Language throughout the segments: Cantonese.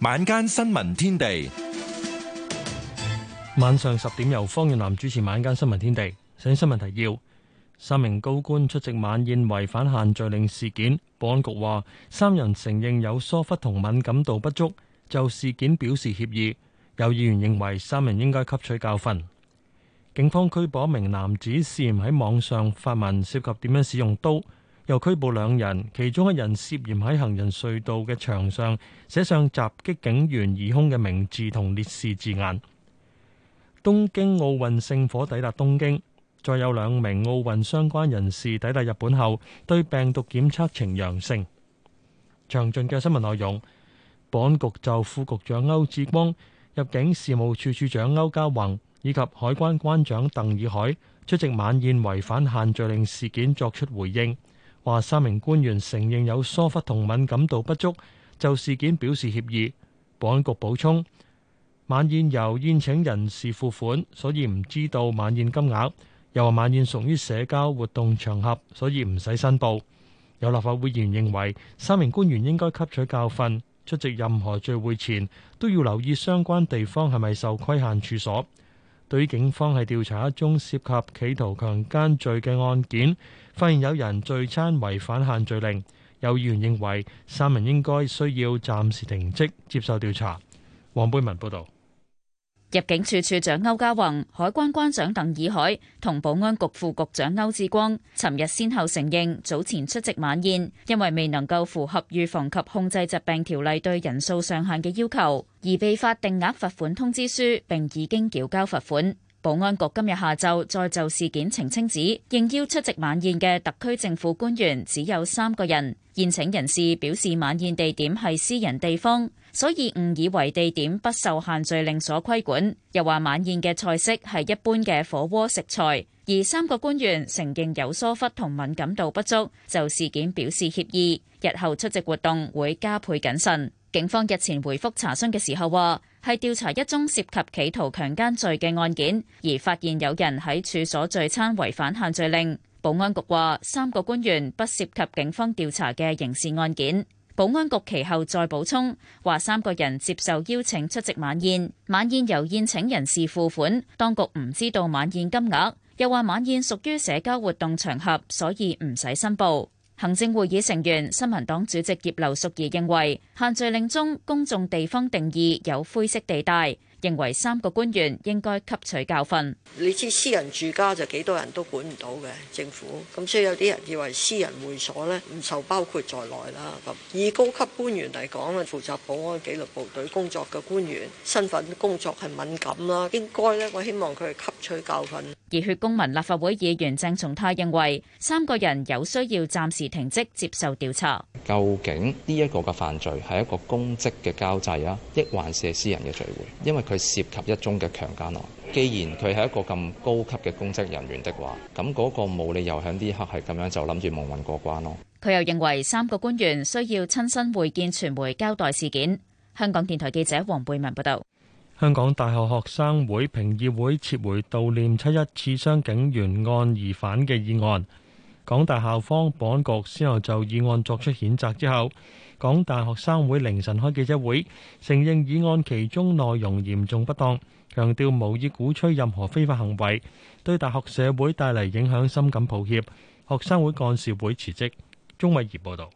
晚間新聞天地，晚上十點由方永南主持。晚間新聞天地，上新聞提要：三名高官出席晚宴違反限聚令事件，保安局話三人承認有疏忽同敏感度不足，就事件表示歉意。有議員認為三人應該吸取教訓。警方拘捕一名男子，涉嫌喺網上發文涉及點樣使用刀。又拘捕兩人，其中一人涉嫌喺行人隧道嘅牆上寫上襲擊警員疑兇嘅名字同烈士字眼。東京奧運聖火抵達東京，再有兩名奧運相關人士抵達日本後，對病毒檢測呈陽性。詳盡嘅新聞內容，保安局就副局長歐志光、入境事務處處長歐家宏以及海關關長鄧以海出席晚宴違反限聚令事件作出回應。話三名官員承認有疏忽同敏感度不足，就事件表示歉意。保安局補充晚宴由宴請人士付款，所以唔知道晚宴金額。又話晚宴屬於社交活動場合，所以唔使申報。有立法會議員認為，三名官員應該吸取教訓，出席任何聚會前都要留意相關地方係咪受規限處所。對於警方喺調查一宗涉及企圖強奸罪嘅案件，發現有人聚餐違反限聚令，有議員認為三人應該需要暫時停職接受調查。黃貝文報道。入境處處長歐家宏、海關關長鄧以海同保安局副局長歐志光，尋日先後承認早前出席晚宴，因為未能夠符合《預防及控制疾病條例》對人數上限嘅要求，而被發定額罰款通知書，並已經繳交罰款。保安局今日下晝再就事件澄清指，應邀出席晚宴嘅特區政府官員只有三個人，宴請人士表示晚宴地點係私人地方。所以誤以為地點不受限聚令所規管，又話晚宴嘅菜式係一般嘅火鍋食材，而三個官員承認有疏忽同敏感度不足，就事件表示歉意，日後出席活動會加倍謹慎。警方日前回覆查詢嘅時候話，係調查一宗涉及企圖強姦罪嘅案件，而發現有人喺處所聚餐違反限聚令。保安局話三個官員不涉及警方調查嘅刑事案件。保安局其後再補充，話三個人接受邀請出席晚宴，晚宴由宴請人士付款，當局唔知道晚宴金額，又話晚宴屬於社交活動場合，所以唔使申報。行政會議成員、新民黨主席葉劉淑儀認為，限聚令中公眾地方定義有灰色地帶。認為三個官員應該吸取教訓。你知私人住家就幾多人都管唔到嘅，政府咁，所以有啲人以為私人會所咧唔受包括在內啦。咁以高級官員嚟講，負責保安紀律部隊工作嘅官員，身份工作係敏感啦，應該咧我希望佢哋吸取教訓。熱血公民立法會議員鄭松泰認為，三個人有需要暫時停職接受調查。究竟呢一個嘅犯罪係一個公職嘅交際啊，抑還是係私人嘅聚會？因為。佢涉及一宗嘅強奸案，既然佢係一個咁高級嘅公職人員的話，咁嗰個冇理由響呢刻係咁樣就諗住蒙混過關咯。佢又認為三個官員需要親身會見傳媒交代事件。香港電台記者黃貝文報道。香港大學學生會評議會撤回悼念七一刺傷警員案疑犯嘅議案。港大校方、保安局先後就議案作出譴責之後。港大學生會凌晨開記者會，承認議案其中內容嚴重不當，強調無意鼓吹任何非法行為，對大學社會帶嚟影響深感抱歉。學生會幹事會辭職。鐘偉儀報導。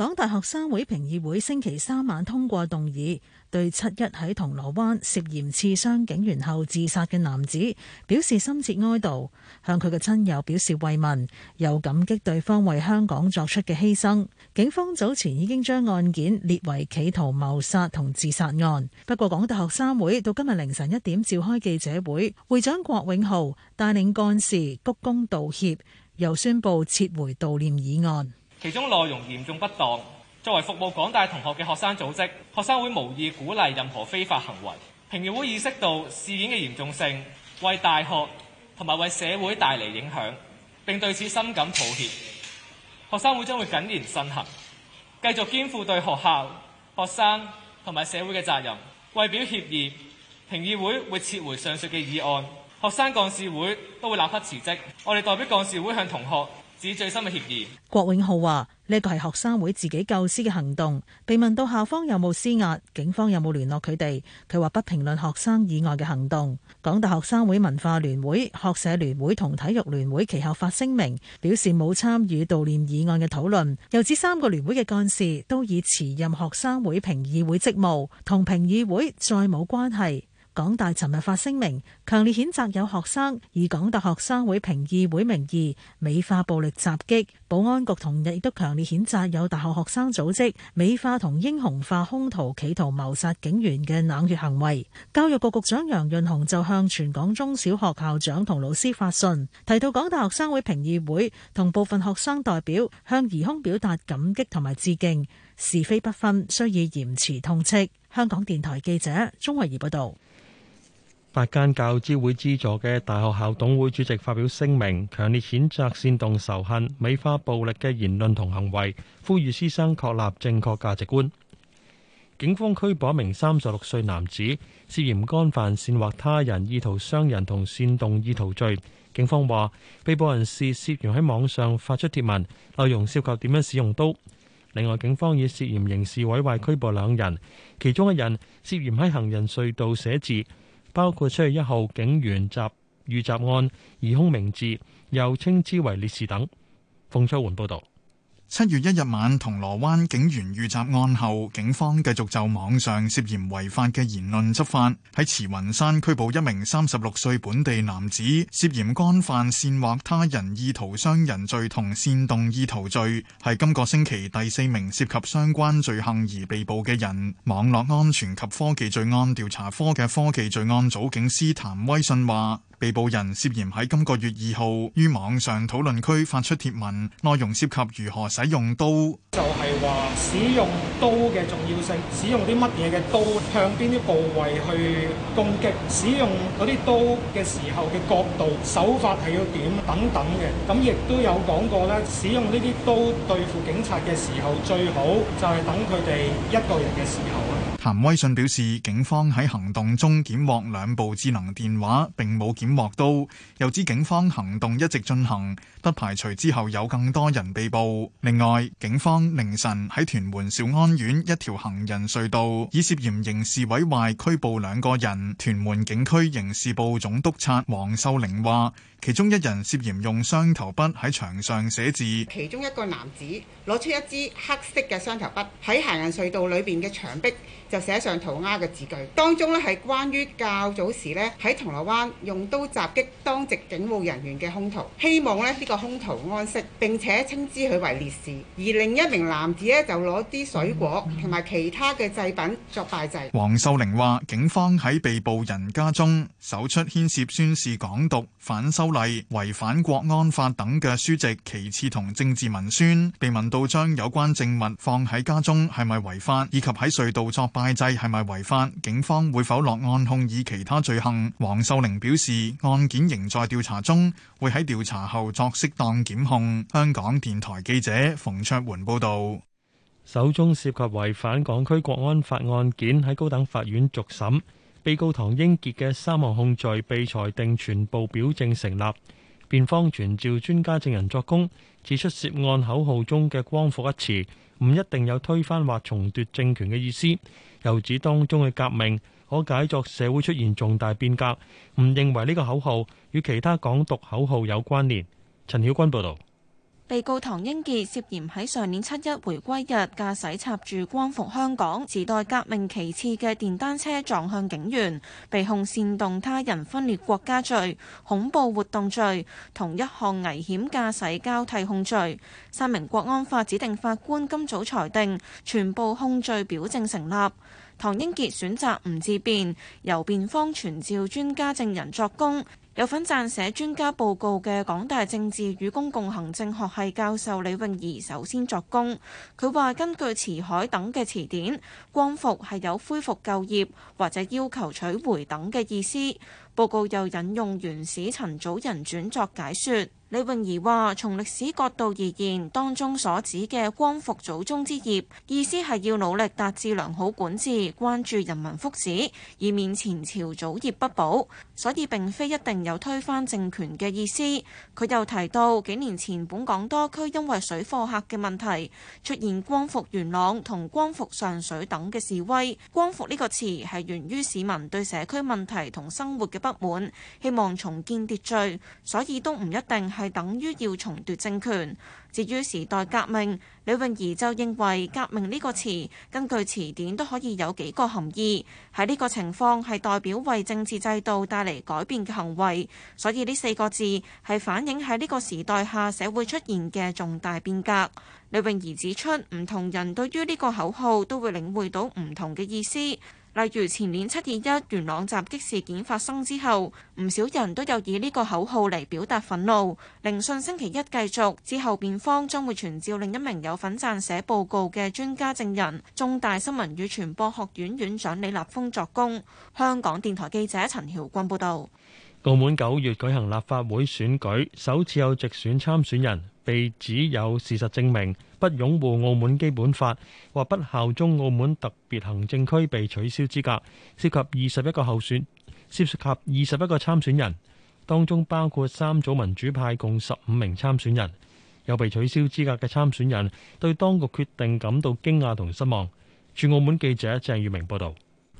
港大學生會評議會星期三晚通過動議，對七一喺銅鑼灣涉嫌刺傷警員後自殺嘅男子表示深切哀悼，向佢嘅親友表示慰問，又感激對方為香港作出嘅犧牲。警方早前已經將案件列為企圖謀殺同自殺案，不過港大學生會到今日凌晨一點召開記者會，會長郭永豪帶領幹事鞠躬道歉，又宣布撤回悼念議案。其中內容嚴重不當，作為服務廣大同學嘅學生組織，學生會無意鼓勵任何非法行為。評議會意識到事件嘅嚴重性，為大學同埋為社會帶嚟影響，並對此深感抱歉。學生會將會謹言慎行，繼續肩負對學校、學生同埋社會嘅責任，為表歉意，評議會會撤回上述嘅議案，學生幹事會都會立刻辭職。我哋代表幹事會向同學。指最新嘅協議，郭永浩話呢個係學生會自己構思嘅行動，被問到校方有冇施壓、警方有冇聯絡佢哋，佢話不評論學生以外嘅行動。港大學生會文化聯會、學社聯會同體育聯會其後發聲明表示冇參與悼念議案嘅討論，又指三個聯會嘅幹事都已辭任學生會評議會職務，同評議會再冇關係。港大尋日發聲明，強烈譴責有學生以港大學生會評議會名義美化暴力襲擊。保安局同日亦都強烈譴責有大學學生組織美化同英雄化兇徒，企圖謀殺警員嘅冷血行為。教育局局長楊潤雄就向全港中小學校長同老師發信，提到港大學生會評議會同部分學生代表向疑兇表達感激同埋致敬，是非不分，需要嚴詞痛斥。香港電台記者鍾慧儀報導。八間教資會資助嘅大學校董會主席發表聲明，強烈譴責煽動仇恨、美化暴力嘅言論同行為，呼籲師生確立正確價值觀。警方拘捕一名三十六歲男子，涉嫌干犯煽惑他人、意圖傷人同煽動意圖罪。警方話，被捕人士涉嫌喺網上發出貼文，內容涉及點樣使用刀。另外，警方以涉嫌刑事毀壞拘捕兩人，其中一人涉嫌喺行人隧道寫字。包括七月一號警員集遇襲，襲案疑凶名字，又稱之為烈士等。馮秋媛報道。七月一日晚，銅鑼灣警員遇襲案後，警方繼續就網上涉嫌違法嘅言論執法，喺慈雲山拘捕一名三十六歲本地男子，涉嫌干犯煽惑他人意圖傷人罪同煽動意圖罪，係今個星期第四名涉及相關罪行而被捕嘅人。網絡安全及科技罪案調查科嘅科技罪案組警司譚威信話，被捕人涉嫌喺今個月二號於網上討論區發出帖文，內容涉及如何用使用刀就係話使用刀嘅重要性，使用啲乜嘢嘅刀，向邊啲部位去攻擊，使用嗰啲刀嘅時候嘅角度、手法係要點等等嘅，咁亦都有講過咧，使用呢啲刀對付警察嘅時候，最好就係等佢哋一個人嘅時候。譚威信表示，警方喺行動中檢獲兩部智能電話，並冇檢獲刀。又指警方行動一直進行，不排除之後有更多人被捕。另外，警方凌晨喺屯門兆安苑一條行人隧道，以涉嫌刑事毀壞拘捕兩個人。屯門警區刑事部總督察黃秀玲話。其中一人涉嫌用雙頭筆喺牆上寫字。其中一個男子攞出一支黑色嘅雙頭筆喺行人隧道裏邊嘅牆壁就寫上塗鴉嘅字句，當中呢係關於較早時呢喺銅鑼灣用刀襲擊，擊當值警務人員嘅兇徒，希望呢呢個兇徒安息，並且稱之佢為烈士。而另一名男子呢，就攞啲水果同埋其他嘅祭品作拜祭。黃秀玲話，警方喺被捕人家中搜出牽涉宣示港獨、反修例違反國安法等嘅書籍，其次同政治文宣，被問到將有關證物放喺家中係咪違法，以及喺隧道作拜祭係咪違法，警方會否落案控以其他罪行？黃秀玲表示，案件仍在調查中，會喺調查後作適當檢控。香港電台記者馮卓桓報道。首宗涉及違反港區國安法案件喺高等法院續審。被告唐英傑嘅三項控罪被裁定全部表證成立，辯方傳召專家證人作供，指出涉案口號中嘅“光復”一詞唔一定有推翻或重奪政權嘅意思，又指當中嘅革命可解作社會出現重大變革，唔認為呢個口號與其他港獨口號有關聯。陳曉君報道。被告唐英傑涉嫌喺上年七一回歸日駕駛插住光復香港時代革命旗幟嘅電單車撞向警員，被控煽動他人分裂國家罪、恐怖活動罪，同一項危險駕駛交替控罪。三名國安法指定法官今早裁定，全部控罪表證成立。唐英傑選擇唔自辯，由辯方傳召專家證人作供。有份撰寫專家報告嘅港大政治與公共行政學系教授李詠怡首先作供，佢話根據辭海等嘅辭典，光復係有恢復舊業或者要求取回等嘅意思。報告又引用原始陳祖仁轉作解説。李榮宜話：從歷史角度而言，當中所指嘅光復祖宗之業，意思係要努力達至良好管治，關注人民福祉，以免前朝祖業不保。所以並非一定有推翻政權嘅意思。佢又提到幾年前本港多區因為水貨客嘅問題出現光復元朗同光復上水等嘅示威。光復呢個詞係源於市民對社區問題同生活嘅不滿，希望重建秩序，所以都唔一定係，係等於要重奪政權。至於時代革命，李詠怡就認為革命呢個詞根據詞典都可以有幾個含義，喺呢個情況係代表為政治制度帶嚟改變嘅行為。所以呢四個字係反映喺呢個時代下社會出現嘅重大變革。李詠怡指出，唔同人對於呢個口號都會領會到唔同嘅意思。例如前年七二一元朗襲擊事件發生之後，唔少人都有以呢個口號嚟表達憤怒。聆訊星期一繼續之後，辯方將會傳召另一名有份撰寫報告嘅專家證人，中大新聞與傳播學院院長李立峰作供。香港電台記者陳曉君報道。澳門九月舉行立法會選舉，首次有直選參選人被指有事實證明，不擁護《澳門基本法》或不效忠《澳門特別行政區》，被取消資格，涉及二十一個候選，涉及二十一個參選人，當中包括三組民主派，共十五名參選人。有被取消資格嘅參選人對當局決定感到驚訝同失望。駐澳門記者鄭月明報道，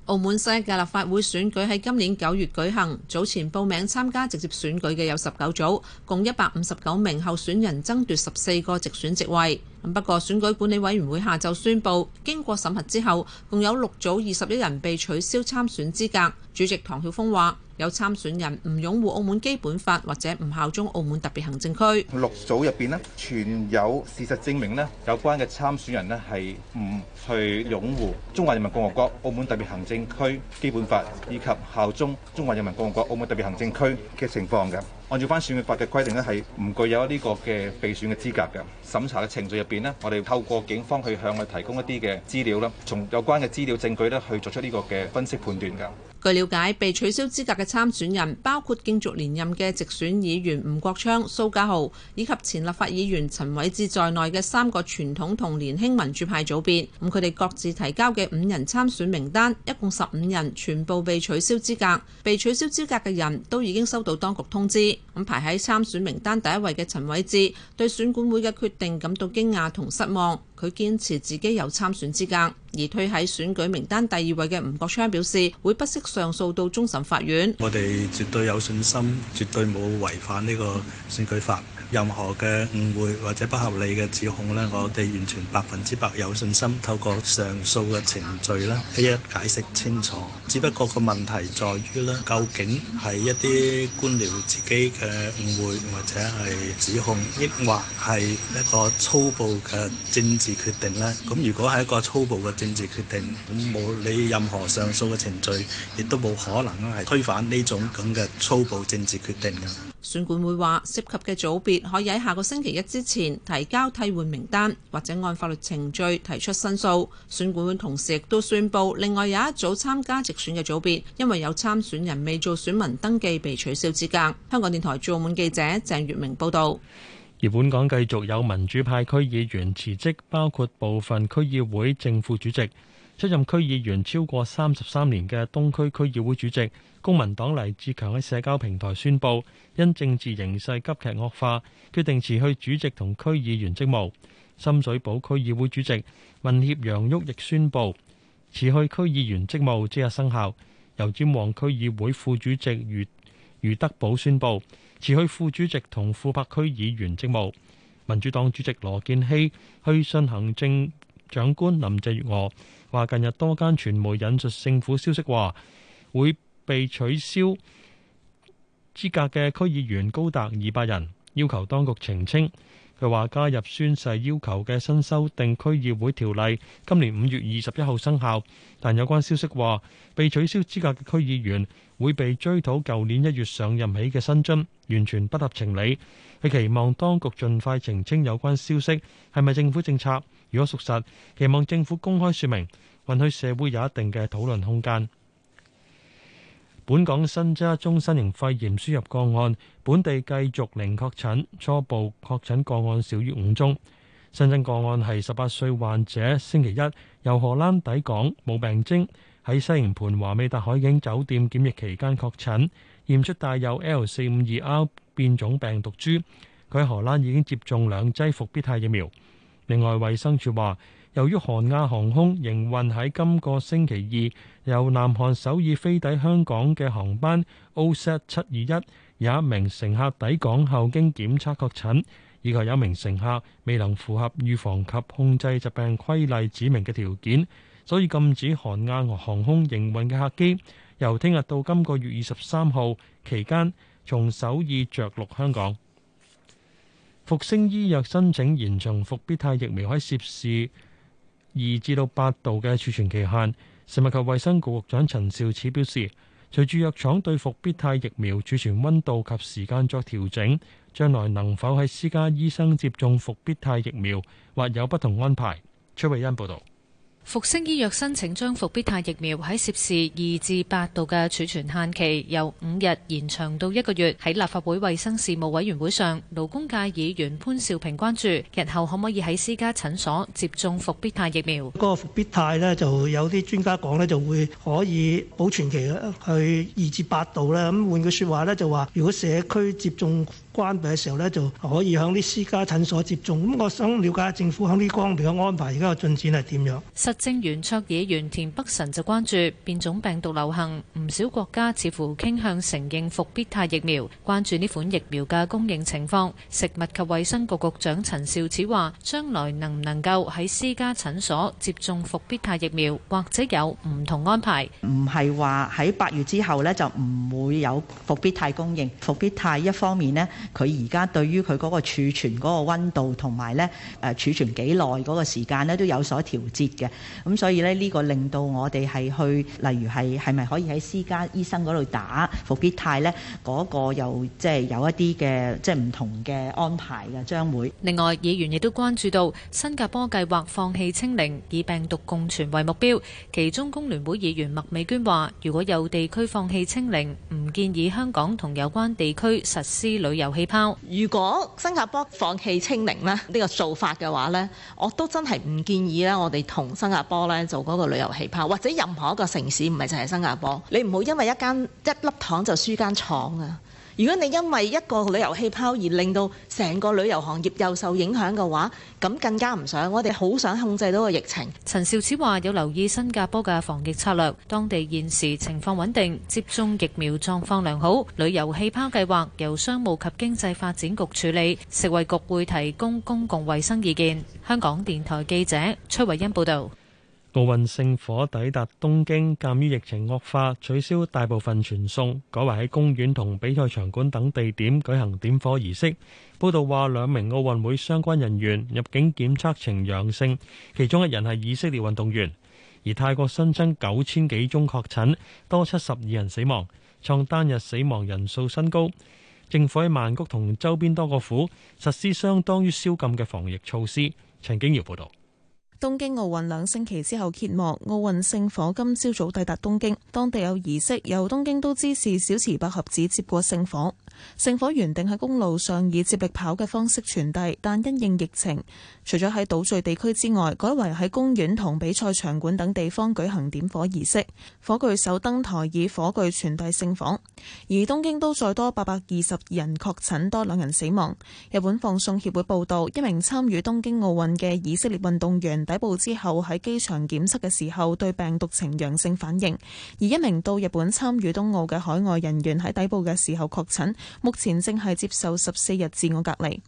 澳門新一屆立法會選舉喺今年九月舉行，早前報名參加直接選舉嘅有十九組，共一百五十九名候選人爭奪十四個直選席位。不過，選舉管理委員會下晝宣布，經過審核之後，共有六組二十一人被取消參選資格。主席唐曉峰話，有參選人唔擁護澳門基本法或者唔效忠澳門特別行政區。六組入面呢，全有事實證明呢，有關嘅參選人呢係唔去擁護中華人民共和國澳門特別行政區基本法以及效忠中華人民共和國澳門特別行政區嘅情況嘅。按照翻選舉法嘅規定，呢係唔具有呢個嘅被選嘅資格，嘅審查嘅程序入邊，呢我哋透過警方去向佢提供一啲嘅資料啦，從有關嘅資料證據呢去作出呢個嘅分析判斷㗎。據了解，被取消資格嘅參選人包括競逐連任嘅直選議員吳國昌、蘇家豪以及前立法議員陳偉志在內嘅三個傳統同年輕民主派組別。咁佢哋各自提交嘅五人參選名單，一共十五人，全部被取消資格。被取消資格嘅人都已經收到當局通知。咁排喺參選名單第一位嘅陳偉智對選管會嘅決定感到驚訝同失望，佢堅持自己有參選資格。而退喺選舉名單第二位嘅吳國昌表示，會不惜上訴到終審法院。我哋絕對有信心，絕對冇違反呢個選舉法。任何嘅誤會或者不合理嘅指控呢，我哋完全百分之百有信心透過上訴嘅程序呢，一一解釋清楚。只不過個問題在於呢，究竟係一啲官僚自己嘅誤會或者係指控，抑或係一個粗暴嘅政治決定呢？咁如果係一個粗暴嘅政治決定，咁冇你任何上訴嘅程序，亦都冇可能咧係推翻呢種咁嘅粗暴政治決定嘅。選管會話，涉及嘅組別可以喺下個星期一之前提交替換名單，或者按法律程序提出申訴。選管會同時亦都宣佈，另外有一組參加直選嘅組別，因為有參選人未做選民登記，被取消資格。香港電台駐澳門記者鄭月明報導。而本港繼續有民主派區議員辭職，包括部分區議會正副主席。出任區議員超過三十三年嘅東區區議會主席公民黨黎志強喺社交平台宣布，因政治形勢急劇惡化，決定辭去主席同區議員職務。深水埗區議會主席民協楊旭亦宣布辭去區議員職務，即日生效。油尖旺區議會副主席余餘德寶宣布辭去副主席同富柏區議員職務。民主黨主席羅建熙去信行政長官林鄭月娥。話近日多間傳媒引述政府消息，話會被取消資格嘅區議員高達二百人，要求當局澄清。佢話加入宣誓要求嘅新修訂區議會條例，今年五月二十一號生效，但有關消息話被取消資格嘅區議員會被追討舊年一月上任起嘅薪津，完全不合情理。佢期望當局盡快澄清有關消息係咪政府政策。如果屬實，期望政府公開說明，允許社會有一定嘅討論空間。本港新增一宗新型肺炎輸入個案，本地繼續零確診，初步確診個案少於五宗。新增個案係十八歲患者，星期一由荷蘭抵港，冇病徵，喺西營盤華美達海景酒店檢疫期間確診驗出帶有 L 四五二 R 變種病毒株。佢喺荷蘭已經接種兩劑復必泰疫苗。另外，衛生署話，由於韓亞航空營運喺今個星期二由南韓首爾飛抵香港嘅航班 OZ721，有一名乘客抵港後經檢測確診，以及有一名乘客未能符合預防及控制疾病規例指明嘅條件，所以禁止韓亞航空營運嘅客機由聽日到今個月二十三號期間從首爾着陸香港。復星醫藥申請延長復必泰疫苗可以攝氏二至到八度嘅儲存期限。食物及衛生局局長陳肇始表示，隨住藥廠對復必泰疫苗儲存溫度及時間作調整，將來能否喺私家醫生接種復必泰疫苗或有不同安排。崔慧欣報道。復星醫藥申請將復必泰疫苗喺攝氏二至八度嘅儲存限期由五日延長到一個月。喺立法會衛生事務委員會上，勞工界議員潘兆平關注日後可唔可以喺私家診所接種復必泰疫苗？嗰個復必泰呢，就有啲專家講呢，就會可以保存期去二至八度咧。咁換句說話呢，就話如果社區接種關閉嘅時候呢，就可以向啲私家診所接種。咁我想了解下政府喺呢方面嘅安排，而家嘅進展係點樣？實政圓桌議員田北辰就關注變種病毒流行，唔少國家似乎傾向承認復必泰疫苗，關注呢款疫苗嘅供應情況。食物及衛生局局長陳肇始話：將來能唔能夠喺私家診所接種復必泰疫苗，或者有唔同安排？唔係話喺八月之後呢，就唔會有復必泰供應。復必泰一方面呢。佢而家對於佢嗰個儲存嗰個溫度同埋咧誒儲存幾耐嗰個時間呢都有所調節嘅，咁、嗯、所以呢，呢個令到我哋係去例如係係咪可以喺私家醫生嗰度打復必泰呢嗰、嗰個又即係、即係、有一啲嘅即係唔同嘅安排嘅將會。另外，議員亦都關注到新加坡計劃放棄清零，以病毒共存為目標。其中工聯會議員麥美娟話：如果有地區放棄清零，唔建議香港同有關地區實施旅遊。氣，如果新加坡放棄清零咧，呢個做法嘅話呢，我都真係唔建議啦。我哋同新加坡呢做嗰個旅遊氣泡，或者任何一個城市，唔係就係新加坡，你唔好因為一間一粒糖就輸間廠啊！如果你因為一個旅遊氣泡而令到成個旅遊行業又受影響嘅話，咁更加唔想。我哋好想控制到個疫情。陳肇始話：有留意新加坡嘅防疫策略，當地現時情況穩定，接種疫苗狀況良好。旅遊氣泡計劃由商務及經濟發展局處理，食衞局會提供公共衛生意見。香港電台記者崔慧欣報導。奧運聖火抵達東京，鑒於疫情惡化，取消大部分傳送，改為喺公園同比賽場館等地點舉行點火儀式。報道話，兩名奧運會相關人員入境檢測呈陽性，其中一人係以色列運動員。而泰國新增九千幾宗確診，多七十二人死亡，創單日死亡人數新高。政府喺曼谷同周邊多個府實施相當於宵禁嘅防疫措施。陳景堯報道。東京奧運兩星期之後揭幕，奧運聖火今朝早早抵達東京，當地有儀式，由東京都知事小池百合子接過聖火。聖火原定喺公路上以接力跑嘅方式傳遞，但因應疫情。除咗喺島嶼地區之外，改為喺公園同比賽場館等地方舉行點火儀式，火炬手登台以火炬傳遞聖火。而東京都再多八百二十人確診，多兩人死亡。日本放送協會報道，一名參與東京奧運嘅以色列運動員抵埗之後，喺機場檢測嘅時候對病毒呈陽性反應，而一名到日本參與東奧嘅海外人員喺抵埗嘅時候確診，目前正係接受十四日自我隔離。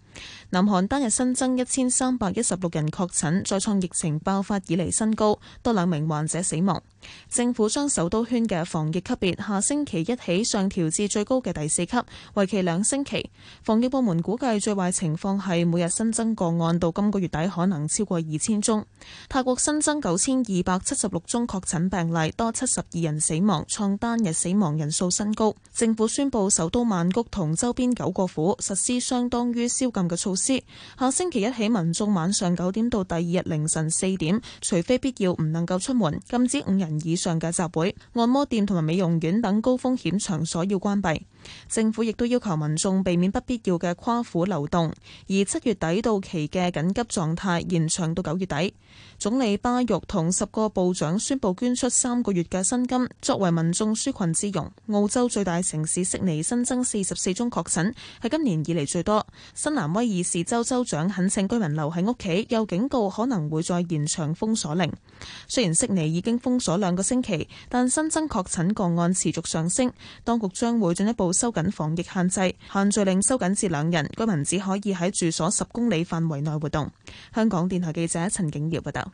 南韓單日新增一千三百一十六人確診，再創疫情爆發以嚟新高，多兩名患者死亡。政府將首都圈嘅防疫級別下星期一起上調至最高嘅第四級，為期兩星期。防疫部門估計最壞情況係每日新增個案到今個月底可能超過二千宗。泰國新增九千二百七十六宗確診病例，多七十二人死亡，創單日死亡人數新高。政府宣布首都曼谷同周邊九個府實施相當於宵禁嘅措施，下星期一起民眾晚上九點到第二日凌晨四點，除非必要唔能夠出門，禁止五人以上嘅集會、按摩店同埋美容院等高風險場所要關閉。政府亦都要求民眾避免不必要嘅跨府流動，而七月底到期嘅緊急狀態延長到九月底。總理巴育同十個部長宣布捐出三個月嘅薪金，作為民眾紓困之用。澳洲最大城市悉尼新增四十四宗確診，係今年以嚟最多。新南威爾士州州長懇請居民留喺屋企，又警告可能會再延長封鎖令。雖然悉尼已經封鎖兩個星期，但新增確診個案持續上升，當局將會進一步。收緊防疫限制，限聚令收緊至兩人，居民只可以喺住所十公里範圍內活動。香港電台記者陳景堯報道。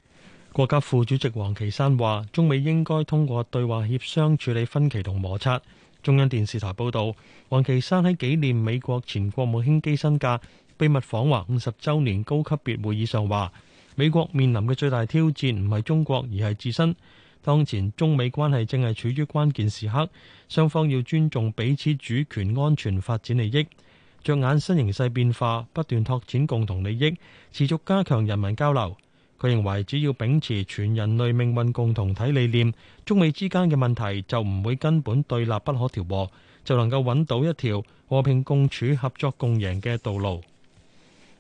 國家副主席王岐山話：中美應該通過對話協商處理分歧同摩擦。中央電視台報道，王岐山喺紀念美國前國務卿基辛格秘密訪華五十週年高級別會議上話：美國面臨嘅最大挑戰唔係中國，而係自身。當前中美關係正係處於關鍵時刻，雙方要尊重彼此主權、安全、發展利益，着眼新形勢變化，不斷拓展共同利益，持續加強人民交流。佢認為，只要秉持全人類命運共同體理念，中美之間嘅問題就唔會根本對立不可調和，就能夠揾到一條和平共處、合作共贏嘅道路。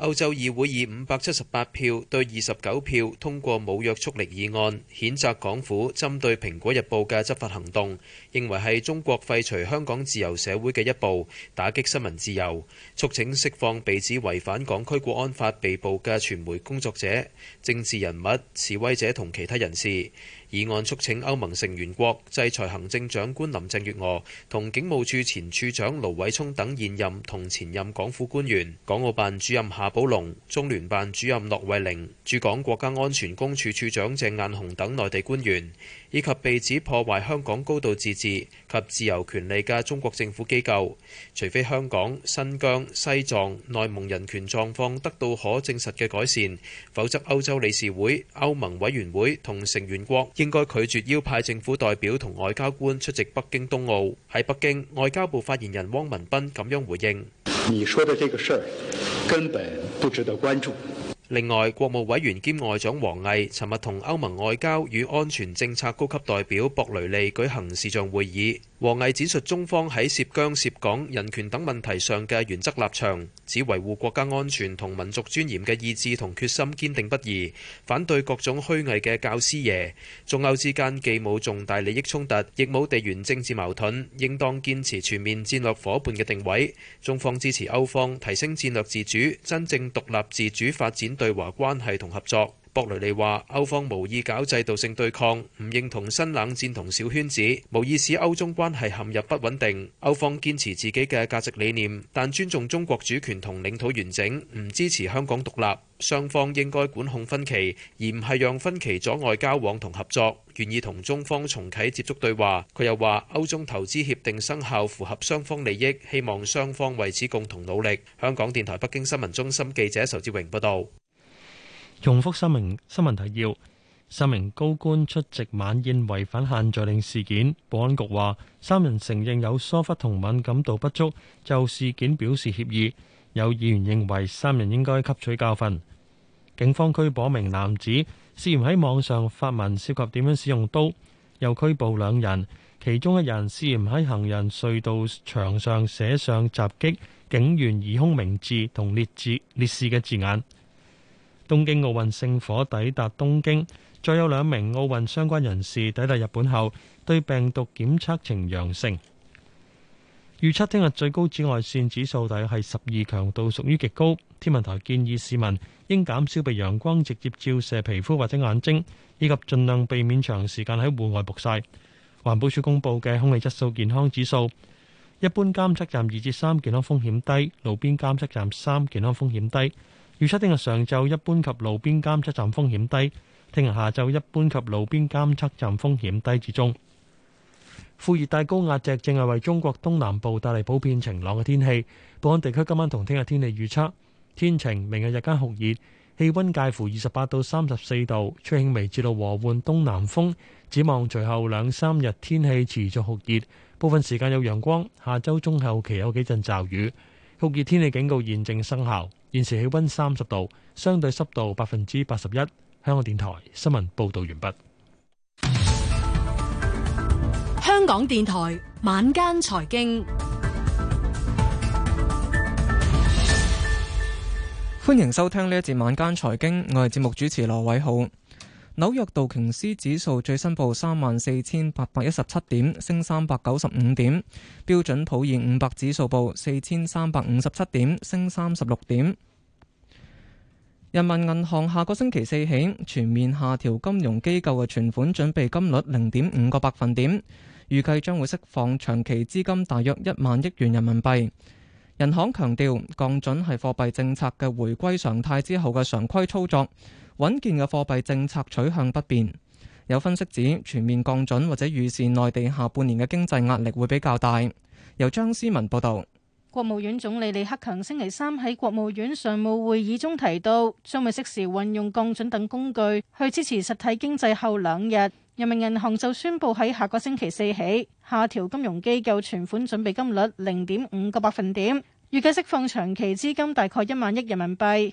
歐洲議會以五百七十八票對二十九票通過無約束力議案，譴責港府針對《蘋果日報》嘅執法行動，認為係中國廢除香港自由社會嘅一步，打擊新聞自由，促請釋放被指違反港區國安法被捕嘅傳媒工作者、政治人物、示威者同其他人士。議案促請歐盟成員國制裁行政長官林鄭月娥、同警務處前處長盧偉聰等現任同前任港府官員、港澳辦主任夏寶龍、中聯辦主任駱惠寧、駐港國家安全公署署長鄭雁雄等內地官員。以及被指破壞香港高度自治及自由權利嘅中國政府機構，除非香港、新疆、西藏、內蒙人權狀況得到可證實嘅改善，否則歐洲理事會、歐盟委員會同成員國應該拒絕邀派政府代表同外交官出席北京冬奧。喺北京，外交部發言人汪文斌咁樣回應，你說的這個事根本不值得關注。另外，國務委員兼外長王毅尋日同歐盟外交與安全政策高級代表博雷利舉行視像會議。王毅指述中方喺涉疆涉港人權等問題上嘅原則立場，指維護國家安全同民族尊嚴嘅意志同決心堅定不移，反對各種虛偽嘅教師爺，中歐之間既冇重大利益衝突，亦冇地緣政治矛盾，應當堅持全面戰略伙伴嘅定位。中方支持歐方提升戰略自主，真正獨立自主發展對華關係同合作。博雷利話：歐方無意搞制度性對抗，唔認同新冷戰同小圈子，無意使歐中關係陷入不穩定。歐方堅持自己嘅價值理念，但尊重中國主權同領土完整，唔支持香港獨立。雙方應該管控分歧，而唔係讓分歧阻礙交往同合作。願意同中方重啟接觸對話。佢又話：歐中投資協定生效符合雙方利益，希望雙方為此共同努力。香港電台北京新聞中心記者仇志榮報道。重複三名新聞提要：三名高官出席晚宴違反限聚令事件，保安局話三人承認有疏忽同敏感度不足，就事件表示歉意。有議員認為三人應該吸取教訓。警方拘捕一名男子，涉嫌喺網上發文涉及點樣使用刀，又拘捕兩人，其中一人涉嫌喺行人隧道牆上寫上襲擊警員、疑兇名字同烈士烈士嘅字眼。東京奧運聖火抵達東京，再有兩名奧運相關人士抵達日本後，對病毒檢測呈陽性。預測聽日最高紫外線指數大約係十二，強度屬於極高。天文台建議市民應減少被陽光直接照射皮膚或者眼睛，以及盡量避免長時間喺戶外曝曬。環保署公布嘅空氣質素健康指數，一般監測站二至三，健康風險低，路邊監測站三，健康風險低。預測聽日上晝一般及路邊監測站風險低，聽日下晝一般及路邊監測站風險低至中。副熱帶高壓脊正係為中國東南部帶嚟普遍晴朗嘅天氣。寶安地區今晚同聽日天氣預測：天晴，明日日間酷熱，氣溫介乎二十八到三十四度，吹輕微至到和緩東南風。展望隨後兩三日天氣持續酷熱，部分時間有陽光，下周中後期有幾陣驟雨。酷熱天氣警告現正生效，現時氣溫三十度，相對濕度百分之八十一。香港電台新聞報道完畢。香港電台晚間財經，歡迎收聽呢一節晚間財經，我係節目主持羅偉浩。紐約道瓊斯指數最新報三萬四千八百一十七點，升三百九十五點。標準普爾五百指數報四千三百五十七點，升三十六點。人民銀行下個星期四起全面下調金融機構嘅存款準備金率零點五個百分點，預計將會釋放長期資金大約一萬億元人民幣。人行強調，降準係貨幣政策嘅回歸常態之後嘅常規操作。穩健嘅貨幣政策取向不變。有分析指全面降準或者預示內地下半年嘅經濟壓力會比較大。由張思文報道。國務院總理李克強星期三喺國務院常務會議中提到，將會適時運用降準等工具去支持實體經濟。後兩日，人民銀行就宣布喺下個星期四起下調金融機構存款準備金率零點五個百分點，預計釋放長期資金大概一萬億人民幣。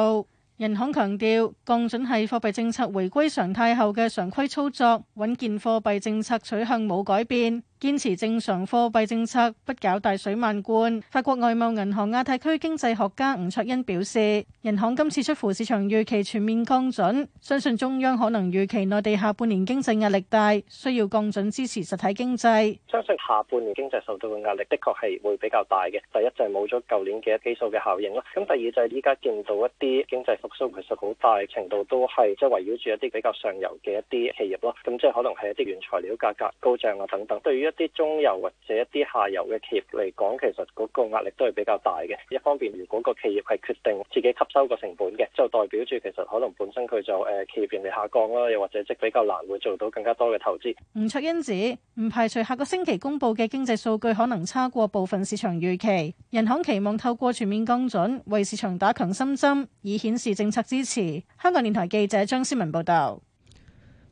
人行強調降準係貨幣政策回歸常態後嘅常規操作，穩健貨幣政策取向冇改變。堅持正常貨幣政策，不搞大水漫灌。法國外貿銀行亞太區經濟學家吳卓恩表示，銀行今次出乎市場預期全面降準，相信中央可能預期內地下半年經濟壓力大，需要降準支持實體經濟。相信下半年經濟受到嘅壓力的確係會比較大嘅。第一就係冇咗舊年嘅基數嘅效應咯。咁第二就係依家見到一啲經濟復蘇其實好大程度都係即係圍繞住一啲比較上游嘅一啲企業咯。咁即係可能係一啲原材料價格高漲啊等等。對於啲中游或者一啲下游嘅企業嚟講，其實嗰個壓力都係比較大嘅。一方面，如果個企業係決定自己吸收個成本嘅，就代表住其實可能本身佢就誒企業盈利下降啦，又或者即比較難會做到更加多嘅投資。吳卓英指唔排除下個星期公布嘅經濟數據可能差過部分市場預期，人行期望透過全面降準為市場打強心針，以顯示政策支持。香港電台記者張思文報道。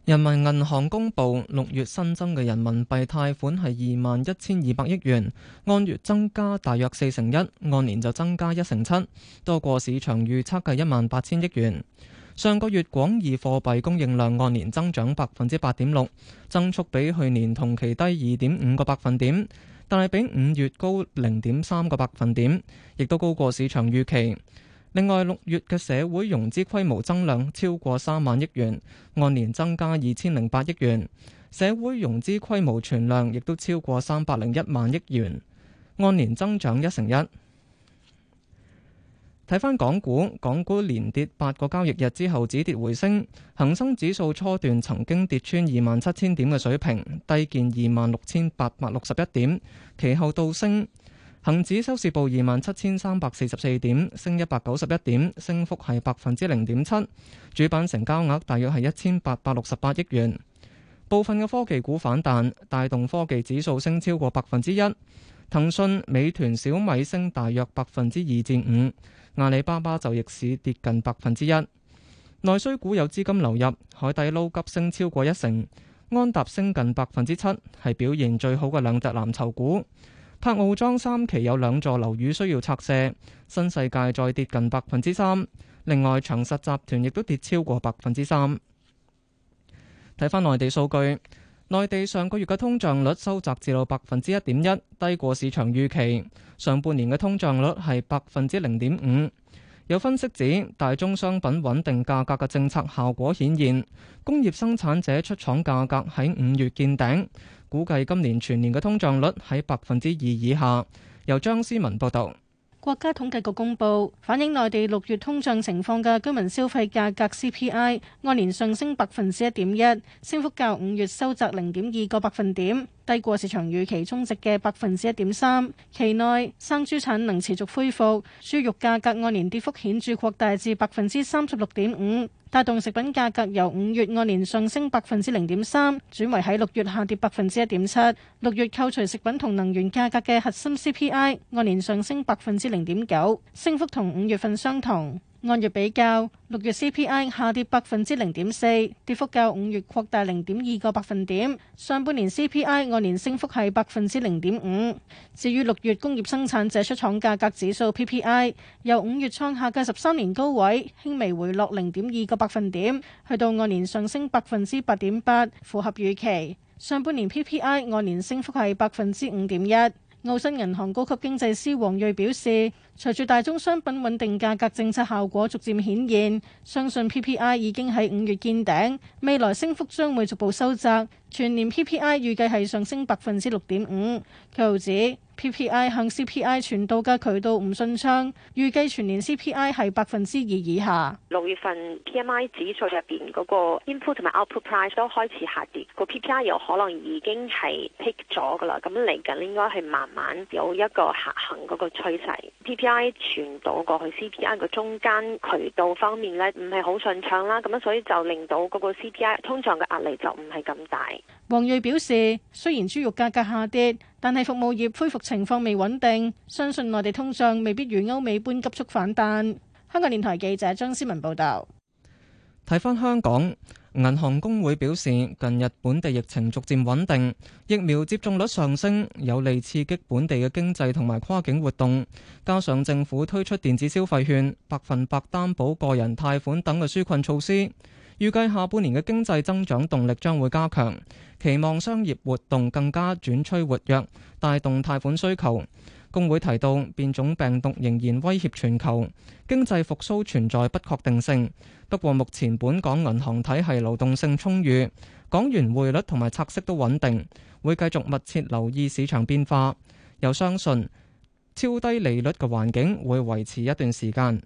人民銀行公布六月新增嘅人民幣貸款係二萬一千二百億元，按月增加大約四成一，按年就增加一成七，多過市場預測嘅一萬八千億元。上個月廣義貨幣供應量按年增長百分之八點六，增速比去年同期低二點五個百分點，但係比五月高零點三個百分點，亦都高過市場預期。另外，六月嘅社會融資規模增量超過三萬億元，按年增加二千零八億元，社會融資規模存量亦都超過三百零一萬億元，按年增長一成一。睇返港股，港股連跌八個交易日之後止跌回升，恒生指數初段曾經跌穿二萬七千點嘅水平，低見二萬六千八百六十一點，其後倒升。恒指收市報二萬七千三百四十四點，升一百九十一點，升幅係百分之零點七。主板成交額大約係一千八百六十八億元。部分嘅科技股反彈，帶動科技指數升超過百分之一。騰訊、美團、小米升大約百分之二至五，阿里巴巴就逆市跌近百分之一。內需股有資金流入，海底撈急升超過一成，安踏升近百分之七，係表現最好嘅兩隻藍籌股。柏傲莊三期有兩座樓宇需要拆卸，新世界再跌近百分之三，另外長實集團亦都跌超過百分之三。睇返內地數據，內地上個月嘅通脹率收窄至到百分之一點一，低過市場預期。上半年嘅通脹率係百分之零點五。有分析指，大宗商品穩定價格嘅政策效果顯現，工業生產者出廠價格喺五月見頂，估計今年全年嘅通脹率喺百分之二以下。由張思文報道。國家統計局公佈，反映內地六月通脹情況嘅居民消費價格 CPI 按年上升百分之一點一，升幅較五月收窄零點二個百分點，低過市場預期中值嘅百分之一點三。期內生豬產能持續恢復，豬肉價格按年跌幅顯著擴大至百分之三十六點五。帶動食品價格由五月按年上升百分之零點三，轉為喺六月下跌百分之一點七。六月扣除食品同能源價格嘅核心 CPI 按年上升百分之零點九，升幅同五月份相同。按月比較，六月 CPI 下跌百分之零點四，跌幅較五月擴大零點二個百分點。上半年 CPI 按年升幅係百分之零點五。至於六月工業生產者出廠價格指數 PPI，由五月創下嘅十三年高位，輕微回落零點二個百分點，去到按年上升百分之八點八，符合預期。上半年 PPI 按年升幅係百分之五點一。澳新銀行高級經濟師王瑞表示。隨住大宗商品穩定價格政策效果逐漸顯現，相信 PPI 已經喺五月見頂，未來升幅將會逐步收窄。全年 PPI 預計係上升百分之六點五。佢又指 PPI 向 CPI 傳導嘅渠道唔順暢，預計全年 CPI 係百分之二以下。六月份 PMI 指數入邊嗰個 input 同埋 output price 都開始下跌，個 PPI 又可能已經係 peak 咗噶啦，咁嚟緊應該係慢慢有一個下行嗰個趨勢。街傳到過去 CPI 嘅中間渠道方面咧，唔係好順暢啦，咁樣所以就令到嗰個 CPI 通脹嘅壓力就唔係咁大。黃瑞表示，雖然豬肉價格下跌，但係服務業恢復情況未穩定，相信內地通脹未必如歐美般急速反彈。香港電台記者張思文報道。睇返香港銀行公會表示，近日本地疫情逐漸穩定，疫苗接種率上升，有利刺激本地嘅經濟同埋跨境活動。加上政府推出電子消費券、百分百擔保個人貸款等嘅紓困措施，預計下半年嘅經濟增長動力將會加強，期望商業活動更加轉趨活躍，帶動貸款需求。公會提到，變種病毒仍然威脅全球經濟復甦，存在不確定性。不過，目前本港銀行體系流動性充裕，港元匯率同埋拆息都穩定，會繼續密切留意市場變化，又相信超低利率嘅環境會維持一段時間。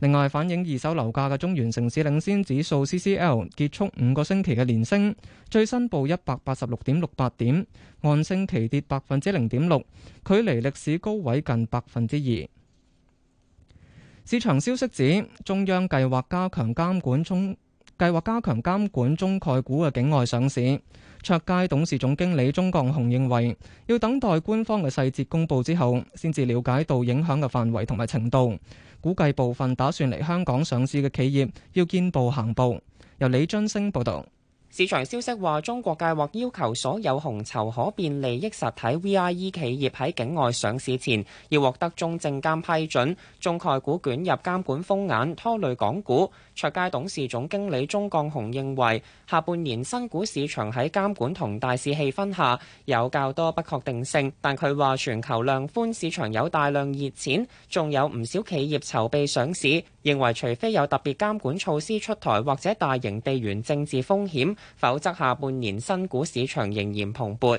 另外，反映二手樓價嘅中原城市領先指數 CCL 結束五個星期嘅連升，最新報一百八十六點六八點，按星期跌百分之零點六，距離歷史高位近百分之二。市場消息指，中央計劃加強監管中計劃加強監管中概股嘅境外上市。卓佳董事總經理鍾國雄認為，要等待官方嘅細節公布之後，先至了解到影響嘅範圍同埋程度。估計部分打算嚟香港上市嘅企業要見步行步。由李津升報道。市場消息話，中國計劃要求所有紅籌可變利益實體 VIE 企業喺境外上市前要獲得中證監批准，中概股捲入監管風眼，拖累港股。卓佳董事總經理鍾降雄認為，下半年新股市場喺監管同大市氣氛下有較多不確定性，但佢話全球量寬市場有大量熱錢，仲有唔少企業籌備上市，認為除非有特別監管措施出台或者大型地緣政治風險。否則，下半年新股市場仍然蓬勃。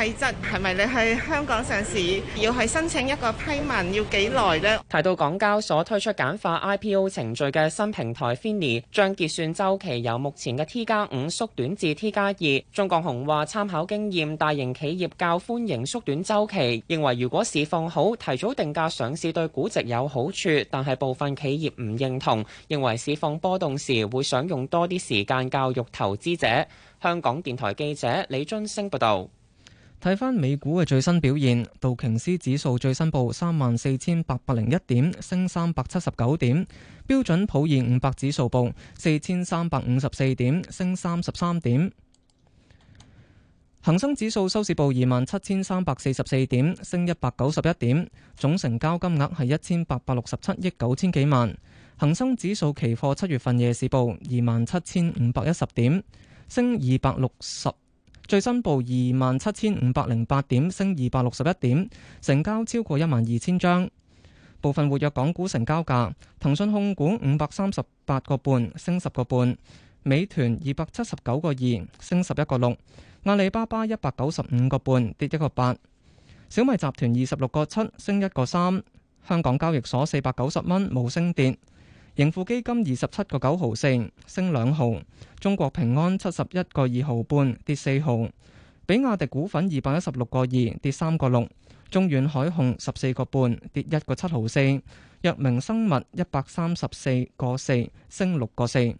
細則係咪你去香港上市要係申請一個批文，要幾耐咧？提到港交所推出簡化 IPO 程序嘅新平台 FINI 將結算週期由目前嘅 T 加五縮短至 T 加二，鍾國雄話：參考經驗，大型企業較歡迎縮短週期，認為如果市況好，提早定價上市對估值有好處。但係部分企業唔認同，認為市況波動時會想用多啲時間教育投資者。香港電台記者李津升報道。睇翻美股嘅最新表現，道瓊斯指數最新報三萬四千八百零一點，升三百七十九點；標準普爾五百指數報四千三百五十四點，升三十三點。恒生指數收市報二萬七千三百四十四點，升一百九十一點。總成交金額係一千八百六十七億九千幾萬。恒生指數期貨七月份夜市報二萬七千五百一十點，升二百六十。最新報二萬七千五百零八點，升二百六十一點，成交超過一萬二千張。部分活躍港股成交價：騰訊控股五百三十八個半，升十個半；美團二百七十九個二，升十一個六；阿里巴巴一百九十五個半，跌一個八；小米集團二十六個七，升一個三；香港交易所四百九十蚊，冇升跌。盈富基金二十七個九毫升，升兩毫；中國平安七十一個二毫半，跌四毫；比亞迪股份二百一十六個二，跌三個六；中遠海控十四個半，跌一個七毫四；藥明生物一百三十四個四，升六個四。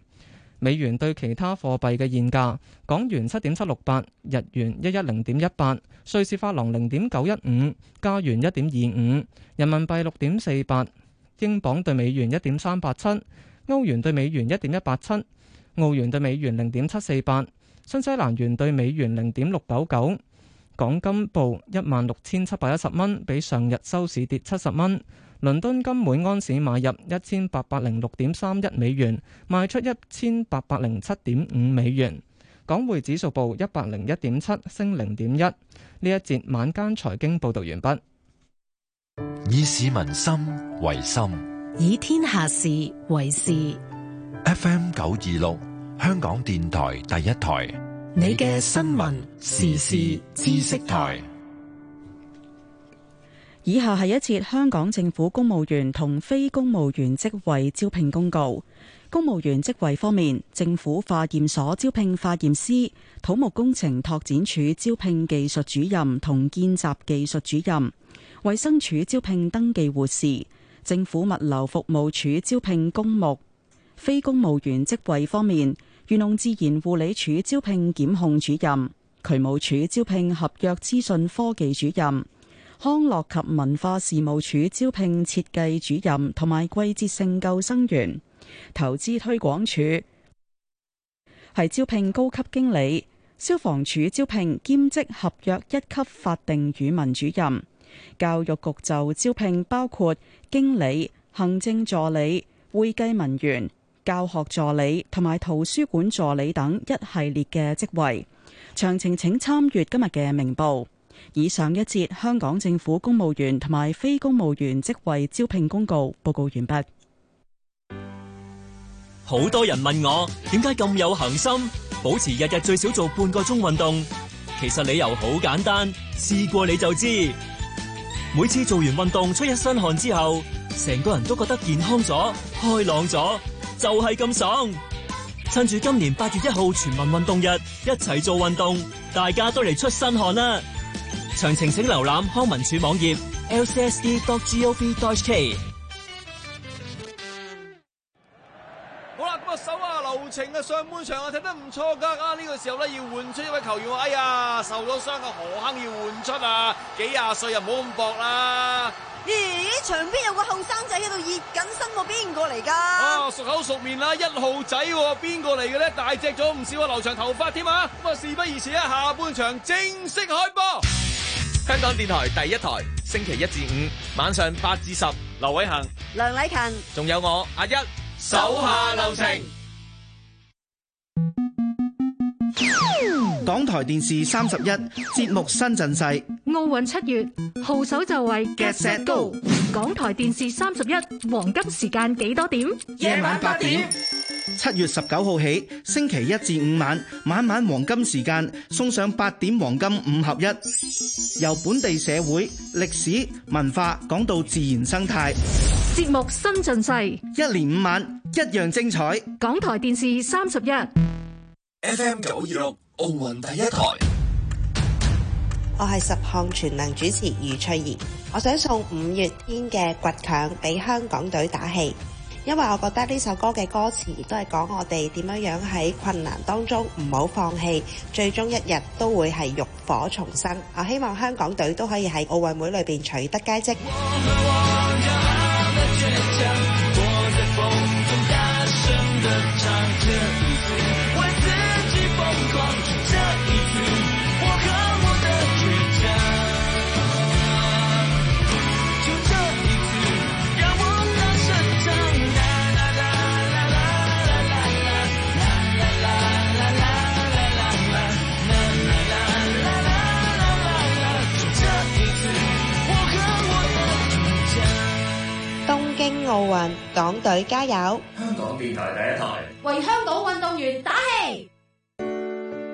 美元對其他貨幣嘅現價：港元七點七六八，日元一一零點一八，瑞士法郎零點九一五，加元一點二五，人民幣六點四八。英鎊兌美元一點三八七，歐元兌美元一點一八七，澳元兌美元零點七四八，新西蘭元兌美元零點六九九。港金報一萬六千七百一十蚊，比上日收市跌七十蚊。倫敦金每安士買入一千八百零六點三一美元，賣出一千八百零七點五美元。港匯指數報一百零一點七，升零點一。呢一節晚間財經報道完畢。以市民心為心，以天下事為事。FM 九二六，香港電台第一台，你嘅新聞時事知識台。以下係一節香港政府公務員同非公務員職位招聘公告。公務員職位方面，政府化驗所招聘化驗師，土木工程拓展署招聘技術主任同見習技術主任。衛生署招聘登記護士，政府物流服務署招聘公務非公務員職位方面，漁農自然護理署招聘檢控主任，渠務署招聘合約資訊科技主任，康樂及文化事務署招聘設計主任同埋季節性救生員，投資推廣署係招聘高級經理，消防署招聘兼職合約一級法定語文主任。教育局就招聘包括經理、行政助理、會計文員、教學助理同埋圖書館助理等一系列嘅職位。詳情請參閱今日嘅明報。以上一節香港政府公務員同埋非公務員職位招聘公告。報告完畢。好多人問我點解咁有恆心，保持日日最少做半個鐘運動。其實理由好簡單，試過你就知。每次做完運動出一身汗之後，成個人都覺得健康咗、開朗咗，就係咁爽。趁住今年八月一號全民運動日，一齊做運動，大家都嚟出身汗啦！詳情請瀏覽康文署網頁 lcsd.gov.hk 情啊，上半場啊，踢得唔錯噶。啊，呢個時候咧，要換出一位球員。哎呀，受咗傷嘅何亨要換出啊，幾廿歲又唔好咁搏啦。咦，場邊有個後生仔喺度熱緊身，邊個嚟噶？啊，熟口熟面啦，一號仔，邊個嚟嘅咧？大隻咗唔少，留長頭髮添啊。咁啊，事不宜遲啊，下半場正式開波。香港電台第一台，星期一至五晚上八至十，劉偉恆、梁禮勤，仲有我阿一，手下留情。港台電視三十一節目新陣勢，奧運七月號手就位，get set go。港台電視三十一黃金時間幾多點？夜晚八點。七月十九號起，星期一至五晚晚晚黃金時間送上八點黃金五合一，由本地社會歷史文化講到自然生態。節目新陣勢，一年五晚一樣精彩。港台電視三十一，FM 九二六。奧運第一台，我係十項全能主持余翠怡，我想送五月天嘅倔強俾香港隊打氣，因為我覺得呢首歌嘅歌詞都係講我哋點樣樣喺困難當中唔好放棄，最終一日都會係浴火重生。我希望香港隊都可以喺奧運會裏邊取得佳績。 奧運港隊加油！香港電台第一台為香港運動員打氣。